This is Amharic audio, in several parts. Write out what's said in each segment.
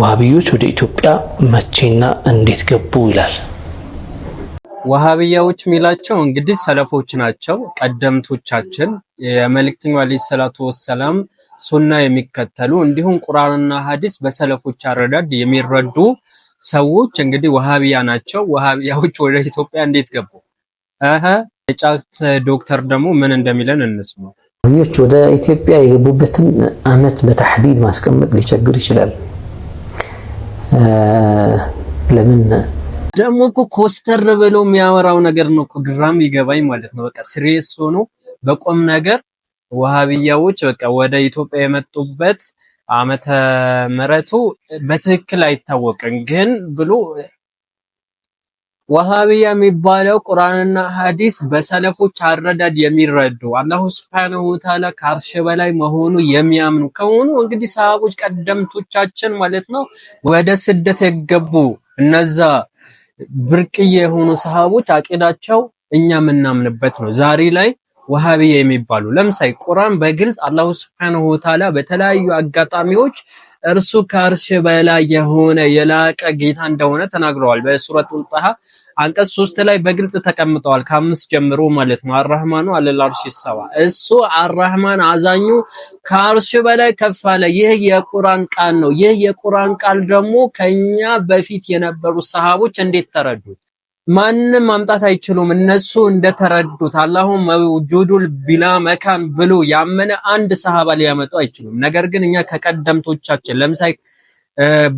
ዋሃብዮች ወደ ኢትዮጵያ መቼና እንዴት ገቡ ይላል። ዋሃብያዎች የሚላቸው እንግዲህ ሰለፎች ናቸው። ቀደምቶቻችን የመልእክተኛው ዓለይሂ ሰላቱ ወሰላም ሱና የሚከተሉ እንዲሁም ቁርአንና ሐዲስ በሰለፎች አረዳድ የሚረዱ ሰዎች እንግዲህ ዋሃብያ ናቸው። ዋሃብያዎች ወደ ኢትዮጵያ እንዴት ገቡ? አሀ የጫት ዶክተር ደግሞ ምን እንደሚለን እንስማ። ዋሃብያዎች ወደ ኢትዮጵያ የገቡበትን አመት በታህዲድ ማስቀመጥ ሊቸግር ይችላል። ለምን ደግሞ እኮ ኮስተር ብሎ የሚያወራው ነገር ነው እኮ ግራም ይገባኝ ማለት ነው። በቃ ስሬስ ሆኖ በቆም ነገር ወሃቢያዎች በቃ ወደ ኢትዮጵያ የመጡበት አመተ ምረቱ በትክክል አይታወቅም ግን ብሎ ወሃቢያ የሚባለው ቁርአንና ሐዲስ በሰለፎች አረዳድ የሚረዱ አላሁ ስብሐነሁ ወተዓላ ከአርሽ በላይ መሆኑ የሚያምኑ ከሆኑ እንግዲህ ሰሃቦች ቀደምቶቻችን ማለት ነው ወደ ስደት የገቡ እነዛ ብርቅዬ የሆኑ ሰሃቦች አቂዳቸው እኛ የምናምንበት ነው። ዛሬ ላይ ወሃቢያ የሚባሉ ለምሳሌ ቁርአን በግልጽ አላሁ ስብሐነሁ ወተዓላ በተለያዩ አጋጣሚዎች እርሱ ከአርሽ በላይ የሆነ የላቀ ጌታ እንደሆነ ተናግረዋል። በሱረቱል ጣሃ አንቀጽ ሶስት ላይ በግልጽ ተቀምጠዋል። ከአምስት ጀምሮ ማለት ነው። አራህማኑ አለላርሽ ሰባ እሱ አራህማን አዛኙ ከአርሽ በላይ ከፍ አለ። ይህ የቁርአን ቃል ነው። ይህ የቁርአን ቃል ደግሞ ከኛ በፊት የነበሩ ሰሃቦች እንዴት ተረዱት? ማንም ማምጣት አይችሉም። እነሱ እንደተረዱት አላሁ መውጁዱል ቢላ መካን ብሎ ያመነ አንድ ሰሃባ ሊያመጡ አይችሉም። ነገር ግን እኛ ከቀደምቶቻችን ለምሳሌ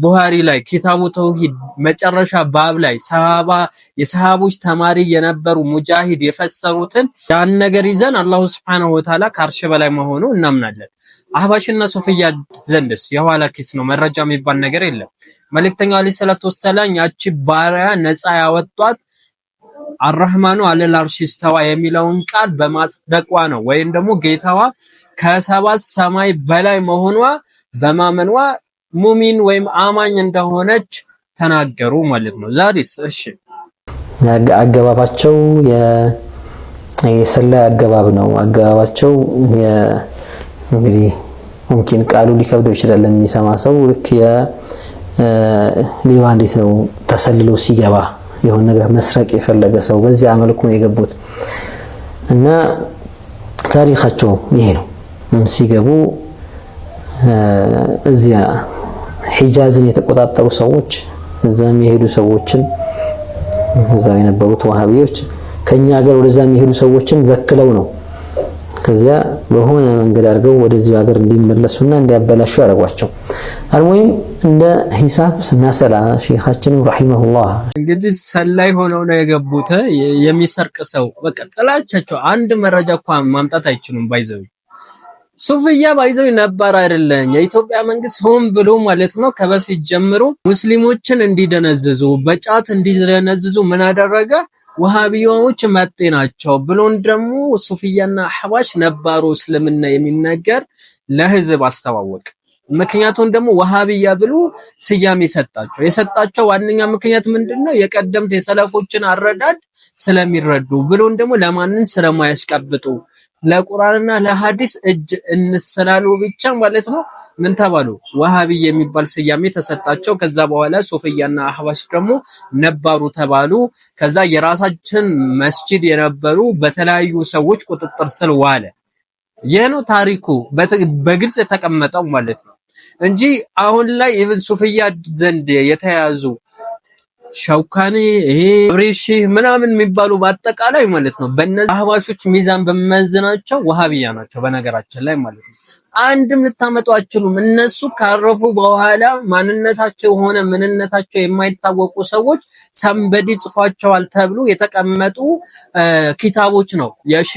ቡሃሪ ላይ ኪታቡ ተውሂድ መጨረሻ ባብ ላይ ሰሃባ የሰሃቦች ተማሪ የነበሩ ሙጃሂድ የፈሰሩትን ያን ነገር ይዘን አላሁ ስብሐነሁ ወተዓላ ከአርሽ በላይ መሆኑ እናምናለን። አህባሽና ሶፍያ ዘንድስ የኋላ ኪስ ነው፣ መረጃ የሚባል ነገር የለም። መልእክተኛው አለይሂ ሰላቱ ወሰላም ያቺ ባሪያ ነፃ ያወጧት አረህማኑ አለል አርሽ ስተዋ የሚለውን ቃል በማጽደቋ ነው፣ ወይም ደግሞ ጌታዋ ከሰባት ሰማይ በላይ መሆኗ በማመንዋ ሙሚን ወይም አማኝ እንደሆነች ተናገሩ ማለት ነው። ዛሬስ እሺ አገባባቸው የሰላይ አገባብ ነው። አገባባቸው እንግዲህ ሙምኪን ቃሉ ሊከብደው ይችላል የሚሰማ ሰው ልክ ሌባ እንዴት ነው ተሰልሎ ሲገባ የሆነ ነገር መስረቅ የፈለገ ሰው በዚህ መልኩ ነው የገቡት እና ታሪካቸው ይሄ ነው ሲገቡ እዚያ ሂጃዝን የተቆጣጠሩ ሰዎች እዛም የሄዱ ሰዎችን እዛው የነበሩት ዋሃቢዎች ከኛ ሀገር ወደዛ የሄዱ ሰዎችን በክለው ነው። ከዚያ በሆነ መንገድ አድርገው ወደዚህ ሀገር እንዲመለሱና እንዲያበላሹ ያደርጓቸው። አልሞይም እንደ ሂሳብ ስናሰላ ሼኻችንም ረሂመሁላህ እንግዲህ ሰላይ ሆነው ነው የገቡት። የሚሰርቅ ሰው በቃ ጥላቻቸው አንድ መረጃ እንኳን ማምጣት አይችሉም ባይዘው ሱፍያ ባይዘው ነባር አይደለም። የኢትዮጵያ መንግስት ሆን ብሎ ማለት ነው ከበፊት ጀምሮ ሙስሊሞችን እንዲደነዝዙ በጫት እንዲደነዝዙ ምን አደረገ? ወሃቢያዎች መጤ ናቸው ብሎን ደግሞ ሱፍያና አህባሽ ነባሩ እስልምና የሚነገር ለህዝብ አስተዋወቅ። ምክንያቱም ደግሞ ወሃቢያ ብሎ ስያሜ ሰጣቸው የሰጣቸው ዋነኛ ምክንያት ምንድነው? የቀደምት የሰለፎችን አረዳድ ስለሚረዱ ብሎን ደግሞ ለማንን ስለማያስቀብጡ ለቁርአንና ለሐዲስ እጅ እንስላሉ ብቻ ማለት ነው። ምን ተባሉ? ወሃቢ የሚባል ስያሜ ተሰጣቸው። ከዛ በኋላ ሶፍያና አህባሽ ደግሞ ነባሩ ተባሉ። ከዛ የራሳችን መስጂድ የነበሩ በተለያዩ ሰዎች ቁጥጥር ስር ዋለ። ይህ ነው ታሪኩ በግልጽ የተቀመጠው ማለት ነው እንጂ አሁን ላይ ኢብን ሱፍያ ዘንድ የተያዙ ሸውካኔ ይሄ ብሬሺ ምናምን የሚባሉ በአጠቃላይ ማለት ነው በእነዚህ አህባሾች ሚዛን በመዝናቸው ወሃቢያ ናቸው በነገራችን ላይ ማለት ነው። አንድም ልታመጡ አችሉም። እነሱ ካረፉ በኋላ ማንነታቸው ሆነ ምንነታቸው የማይታወቁ ሰዎች ሰንበዲ ጽፏቸዋል ተብሎ የተቀመጡ ኪታቦች ነው። የሺ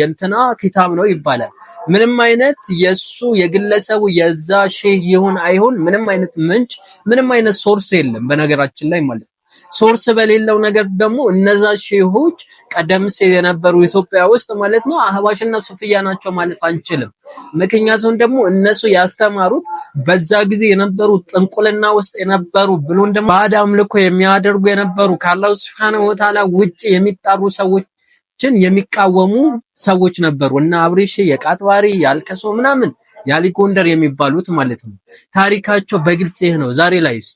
የንትና ኪታብ ነው ይባላል። ምንም አይነት የሱ የግለሰቡ የዛ ሺህ ይሁን አይሁን ምንም አይነት ምንጭ ምንም አይነት ሶርስ የለም በነገራችን ላይ ማለት ነው። ሶርስ በሌለው ነገር ደግሞ እነዛ ሼሆች ቀደም ሲል የነበሩ ኢትዮጵያ ውስጥ ማለት ነው አህባሽና ሱፍያ ናቸው ማለት አንችልም። ምክንያቱም ደግሞ እነሱ ያስተማሩት በዛ ጊዜ የነበሩ ጥንቁልና ውስጥ የነበሩ ብሎን ደግሞ ባዕድ አምልኮ የሚያደርጉ የነበሩ ከአላሁ ሱብሓነሁ ወተዓላ ውጭ የሚጣሩ ሰዎች ሰዎችን የሚቃወሙ ሰዎች ነበሩ እና አብሬሽ የቃጥባሪ ያልከሶ ምናምን ያሊ ጎንደር የሚባሉት ማለት ነው። ታሪካቸው በግልጽ ይህ ነው። ዛሬ ላይስ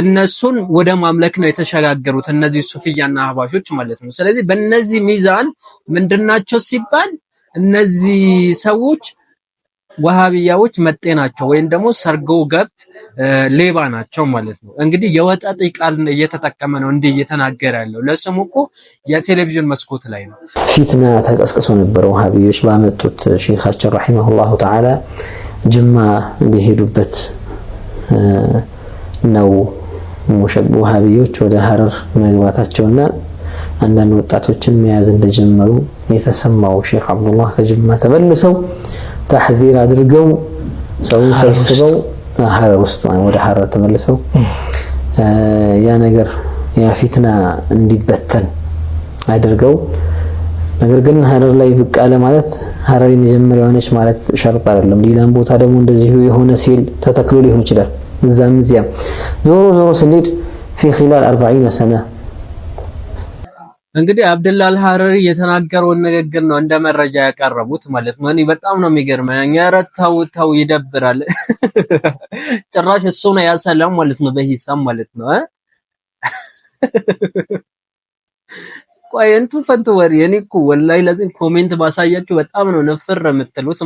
እነሱን ወደ ማምለክ ነው የተሸጋገሩት እነዚህ ሱፍያና አህባሾች ማለት ነው። ስለዚህ በእነዚህ ሚዛን ምንድናቸው ሲባል እነዚህ ሰዎች ወሃቢያዎች መጤ ናቸው ወይም ደግሞ ሰርጎ ገብ ሌባ ናቸው ማለት ነው። እንግዲህ የወጠጤ ቃል እየተጠቀመ ነው እንዲህ እየተናገረ ያለው ለስሙ እኮ የቴሌቪዥን መስኮት ላይ ነው። ፊትና ተቀስቅሶ ነበር ወሃቢዮች ባመጡት ሼኻችን ረሂመሁላሁ ተዓላ ጅማ በሄዱበት ነው ውሃቢዎች ወደ ሀረር መግባታቸውና አንዳንድ ወጣቶችን መያዝ እንደጀመሩ የተሰማው ሼክ አብዱላህ ከጅማ ተመልሰው ታሕዚር አድርገው ሰውን ሰብስበው ሀረር ውስጥ ወደ ሀረር ተመልሰው ያ ነገር ያ ፊትና እንዲበተን አድርገው ነገር ግን ሀረር ላይ ብቅ አለ ማለት ሀረር የመጀመሪያ የሆነች ማለት ሸርጥ አይደለም። ሌላም ቦታ ደግሞ እንደዚሁ የሆነ ሲል ተተክሎ ሊሆን ይችላል። እዛም እዚያም ዞሮ ዞሮ ስንሄድ ፊ ኺላል አርባዒነ ሰነ እንግዲህ አብደላ አልሐረሪ የተናገረውን ንግግር ነው እንደ መረጃ ያቀረቡት ማለት ነው። እኔ በጣም ነው የሚገርመኝ። ኧረ ተው ተው፣ ይደብራል። ጭራሽ እሱ ነው ያሰላም ማለት ነው በሂሳብ ማለት ነው። ቆይ እንቱ ፈንቱ ወሬ እኔ እኮ ወላሂ ለዚህ ኮሜንት ባሳያችሁ በጣም ነው ነፍር የምትሉት።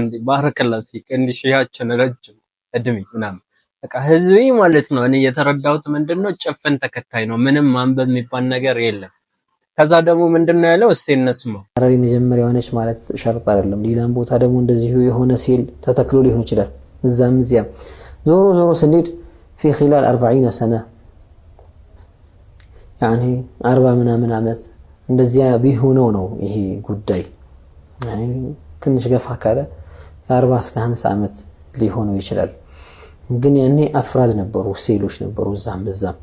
እንዴ ባረከላፊክ እንዲህ ሺያችን ረጅም እድሜ ምናምን በቃ ህዝቤ ማለት ነው። እኔ የተረዳሁት ምንድነው ጭፍን ተከታይ ነው። ምንም ማንበብ የሚባል ነገር የለም። ከዛ ደግሞ ምንድነው ያለው እስቲ እንስማው። ሐረሪ መጀመሪያ የሆነች ማለት ሸርጥ አይደለም። ሌላም ቦታ ደግሞ እንደዚሁ የሆነ ሴል ተተክሎ ሊሆን ይችላል። እዛም እዚያም ዞሮ ዞሮ ስንሄድ ፊ ኺላል አርባዒነ ሰነ ያኔ አርባ ምናምን ዓመት እንደዚያ ቢሆነው ነው ይሄ ጉዳይ ትንሽ ገፋ ካለ የአርባ እስከ ሀምሳ ዓመት ሊሆነው ይችላል። ግን እኔ አፍራድ ነበሩ፣ ሴሎች ነበሩ እዛም እዛም።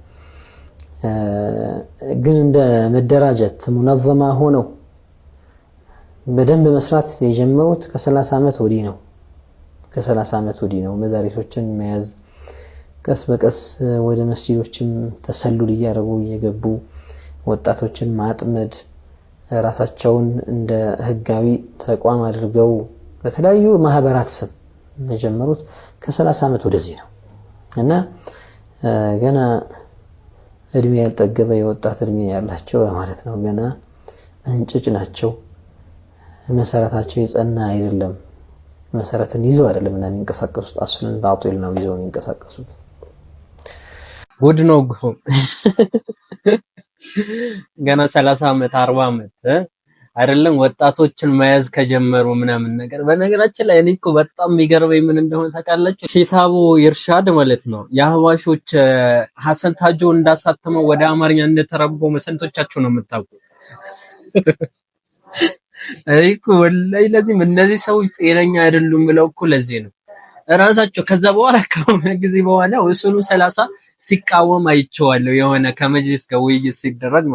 ግን እንደ መደራጀት ሙነዘማ ሆነው በደንብ መስራት የጀመሩት ከ30 ዓመት ወዲህ ነው። ከ30 ዓመት ወዲህ ነው መዳሪሶችን መያዝ ቀስ በቀስ ወደ መስጂዶችም ተሰሉል እያደረጉ እየገቡ ወጣቶችን ማጥመድ ራሳቸውን እንደ ህጋዊ ተቋም አድርገው በተለያዩ ማህበራት ስም የጀመሩት ከሰላሳ ዓመት ወደዚህ ነው እና ገና እድሜ ያልጠገበ የወጣት እድሜ ያላቸው ለማለት ነው። ገና እንጭጭ ናቸው። መሰረታቸው የጸና አይደለም። መሰረትን ይዘው አይደለም እና የሚንቀሳቀሱት አስልን በአጢል ነው ይዘው የሚንቀሳቀሱት። ጉድ ነው። ገና ሰላሳ ዓመት አርባ ዓመት አይደለም ወጣቶችን መያዝ ከጀመሩ ምናምን ነገር። በነገራችን ላይ እኔ እኮ በጣም የሚገርበኝ ምን እንደሆነ ታውቃላችሁ? ኪታቡ ኢርሻድ ማለት ነው የአህባሾች ሀሰን ታጆ እንዳሳተመው ወደ አማርኛ እንደተረጎመ ስንቶቻችሁ ነው የምታውቁ? እኔ እኮ ወላሂ ለዚህም እነዚህ ሰዎች ጤነኛ አይደሉም ብለው እኮ ለዚህ ነው እራሳቸው ከዛ በኋላ ከሆነ ጊዜ በኋላ ውሱሉ ሰላሳ ሲቃወም አይቼዋለሁ። የሆነ ከመጅሊስ ጋር ውይይት ሲደረግ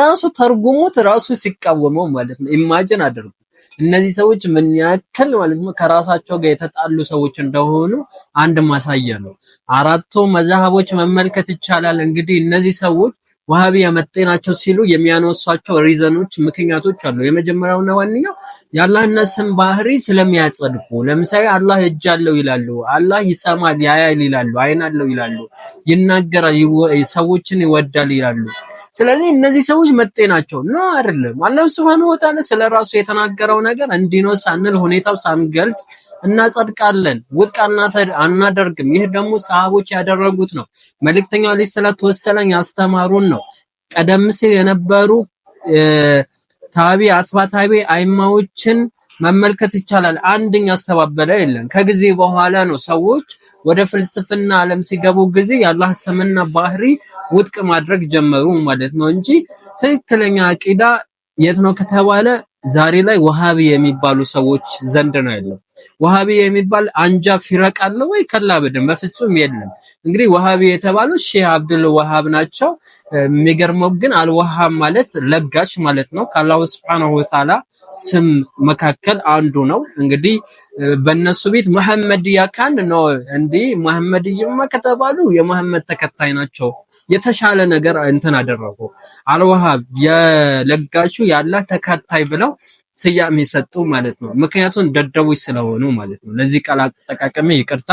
ራሱ ተርጉሙት ራሱ ሲቃወመው ማለት ነው። ኢማጅን አድርጉ እነዚህ ሰዎች ምን ያክል ማለት ነው ከራሳቸው ጋር የተጣሉ ሰዎች እንደሆኑ አንድ ማሳያ ነው። አራቱ መዛሃቦች መመልከት ይቻላል። እንግዲህ እነዚህ ሰዎች ዋሃቢ የመጤ ናቸው ሲሉ የሚያነሷቸው ሪዘኖች ምክንያቶች አሉ። የመጀመሪያውና ዋነኛው የአላህን ስም ባህሪ ስለሚያጸድቁ፣ ለምሳሌ አላህ እጅ አለው ይላሉ፣ አላህ ይሰማል ያያል ይላሉ፣ አይን አለው ይላሉ፣ ይናገራል፣ ሰዎችን ይወዳል ይላሉ። ስለዚህ እነዚህ ሰዎች መጤ ናቸው ነው አይደለም። አላህ ሱብሃነሁ ወተዓላ ራሱ የተናገረው ነገር እንዲህ ሳንል ሁኔታው ሳንገልጽ እናጸድቃለን፣ ውድቅ አናደርግም። ይህ ደግሞ ሰሃቦች ያደረጉት ነው። መልእክተኛው አለይሂ ሰላቱ ወሰላም ያስተማሩን ነው። ቀደም ሲል የነበሩ ታቢ አጥባ ታቢ አይማዎችን መመልከት ይቻላል። አንድኛ ያስተባበለ የለም። ከጊዜ በኋላ ነው ሰዎች ወደ ፍልስፍና ዓለም ሲገቡ ጊዜ የአላህ ስምና ባህሪ ውድቅ ማድረግ ጀመሩ ማለት ነው እንጂ ትክክለኛ አቂዳ የት ነው ከተባለ ዛሬ ላይ ወሃቢ የሚባሉ ሰዎች ዘንድ ነው ያለው። ወሃቢ የሚባል አንጃ ፊረቅ አለ ወይ? ከላ በደም በፍጹም የለም። እንግዲህ ወሃቢ የተባለው ሼህ አብዱል ወሃብ ናቸው። የሚገርመው ግን አልወሃብ ማለት ለጋሽ ማለት ነው። ከአላሁ ስብሐነሁ ወተዓላ ስም መካከል አንዱ ነው። እንግዲህ በእነሱ ቤት መሐመድያ ካን ነው እንዲህ መሐመድያማ ከተባሉ የመሐመድ ተከታይ ናቸው። የተሻለ ነገር እንትን አደረጉ። አልወሃብ የለጋሹ ያላ ተከታይ ብለው ስያሜ ሰጡ ማለት ነው። ምክንያቱም ደደቦች ስለሆኑ ማለት ነው። ለዚህ ቃል አጠቃቀሜ ይቅርታ።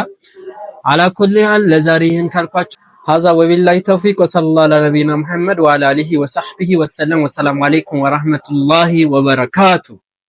አላኩልሃል ለዛሬ ይህን ካልኳቸው ሀዛ ወቢላሂ ተውፊቅ ወሰለላሁ ለነቢና ነቢይና ሙሐመድ ወዐላ አሊሂ ወሰሕቢሂ ወሰለም። ወሰላሙ አለይኩም ወራህመቱላሂ ወበረካቱ